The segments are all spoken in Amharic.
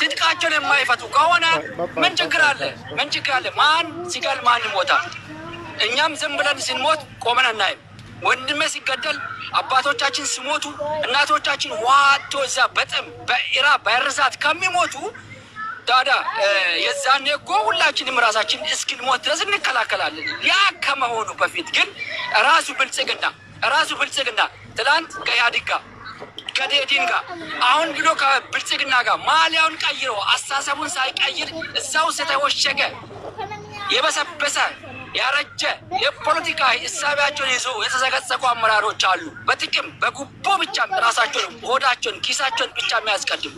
ትጥቃቸውን የማይፈቱ ከሆነ ምን ችግር አለ? ምን ችግር አለ? ማን ሲገል ማን ይሞታል? እኛም ዝም ብለን ስንሞት ቆመን አናይም። ወንድሜ ሲገደል፣ አባቶቻችን ሲሞቱ፣ እናቶቻችን ዋቶ እዛ በጥም በኢራ በርዛት ከሚሞቱ ዳዳ የዛኔ እኮ ሁላችንም ራሳችን እስክንሞት ድረስ እንከላከላለን። ያ ከመሆኑ በፊት ግን ራሱ ብልጽግና ራሱ ብልጽግና ትላንት ከኢህአዴግ ጋር ከደኢህዴን ጋር አሁን ብሎ ከብልጽግና ጋር ማሊያውን ቀይሮ አስተሳሰቡን ሳይቀይር እዛው የተወሸገ የበሰበሰ ያረጀ የፖለቲካ ሂሳቢያቸውን ይዞ የተዘቀዘቁ አመራሮች አሉ። በጥቅም በጉቦ ብቻ ራሳቸውን ሆዳቸውን ኪሳቸውን ብቻ የሚያስቀድሙ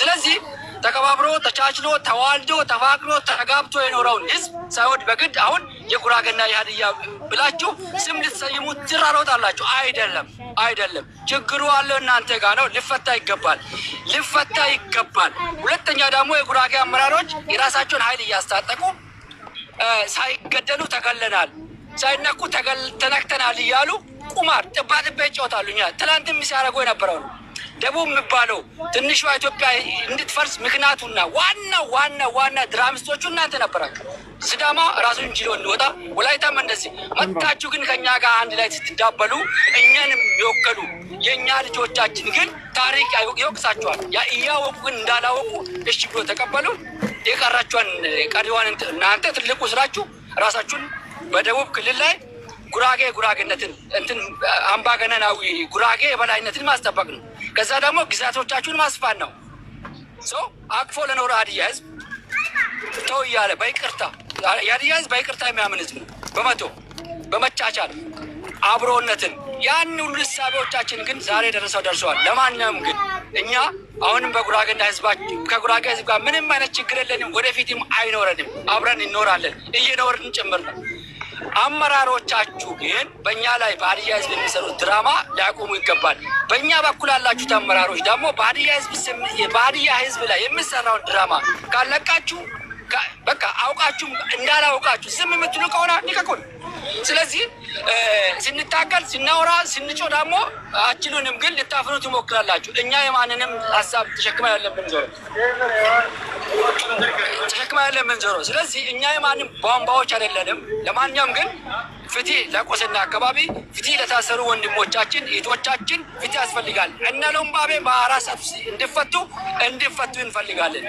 ስለዚህ ተከባብሮ ተቻችሎ ተዋልዶ ተፋቅሮ ተጋብቶ የኖረውን ህዝብ ሳይወድ በግድ አሁን የጉራጌና የሀዲያ ብላችሁ ስም ልትሰይሙት ትራሮጣላችሁ። አይደለም አይደለም፣ ችግሩ አለው እናንተ ጋ ነው። ልፈታ ይገባል፣ ልፈታ ይገባል። ሁለተኛ ደግሞ የጉራጌ አመራሮች የራሳቸውን ኃይል እያስታጠቁ ሳይገደሉ ተገለናል፣ ሳይነኩ ተነክተናል እያሉ ቁማር ጥባጥቤ ይጫወታሉ። እኛ ትላንትም ሲያደርጉ የነበረው ነው። ደቡብ የሚባለው ትንሿ ኢትዮጵያ እንድትፈርስ ምክንያቱና ዋና ዋና ዋና ድራምስቶቹ እናንተ ነበራችሁ። ስዳማ ራሱን ችሎ እንወጣ፣ ወላይታም እንደዚህ መጥታችሁ ግን ከኛ ጋር አንድ ላይ ስትዳበሉ እኛን የሚወከሉ የእኛ ልጆቻችን ግን ታሪክ ይወቅሳቸዋል። እያወቁ ግን እንዳላወቁ እሺ ብሎ ተቀበሉ። የቀራችኋን ቀሪዋን እናንተ ትልቁ ስራችሁ ራሳችሁን በደቡብ ክልል ላይ ጉራጌ ጉራጌነትን እንትን አምባገነናዊ ጉራጌ የበላይነትን ማስጠበቅ ነው። ከዛ ደግሞ ግዛቶቻችሁን ማስፋት ነው። ሰው አቅፎ ለኖረ ሀዲያ ህዝብ ተው እያለ በይቅርታ የሀዲያ ህዝብ በይቅርታ የሚያምን ህዝብ ነው። በመቶ በመቻቻል አብሮነትን ያን ሁሉ እሳቤዎቻችን ግን ዛሬ ደረሰው ደርሰዋል። ለማንኛውም ግን እኛ አሁንም በጉራጌና ህዝባችን ከጉራጌ ህዝብ ጋር ምንም አይነት ችግር የለንም፣ ወደፊትም አይኖረንም። አብረን እንኖራለን፣ እየኖርን ጭምር ነው። አመራሮቻችሁ ግን በእኛ ላይ በሀዲያ ህዝብ የሚሰሩት ድራማ ሊያቆሙ ይገባል። በእኛ በኩል ያላችሁት አመራሮች ደግሞ በሀዲያ ህዝብ ላይ የሚሰራውን ድራማ ካለቃችሁ በቃ አውቃችሁ እንዳላውቃችሁ ዝም የምትሉ ከሆነ ንቀቁን። ስለዚህ ስንታገል፣ ስናወራ፣ ስንጮ ደግሞ አችሉንም ግን ልታፍኑት ይሞክራላችሁ። እኛ የማንንም ሀሳብ ተሸክማ ያለብን ዞረ ላይ የምንዞረው። ስለዚህ እኛ የማንም ቧንቧዎች አይደለንም። ለማንኛውም ግን ፍትህ ለቆስና አካባቢ ፍትህ ለታሰሩ ወንድሞቻችን እህቶቻችን ፍትህ ያስፈልጋል። እነ ሎምባቤ በአራት ሰዓት እንድፈቱ እንዲፈቱ እንፈልጋለን።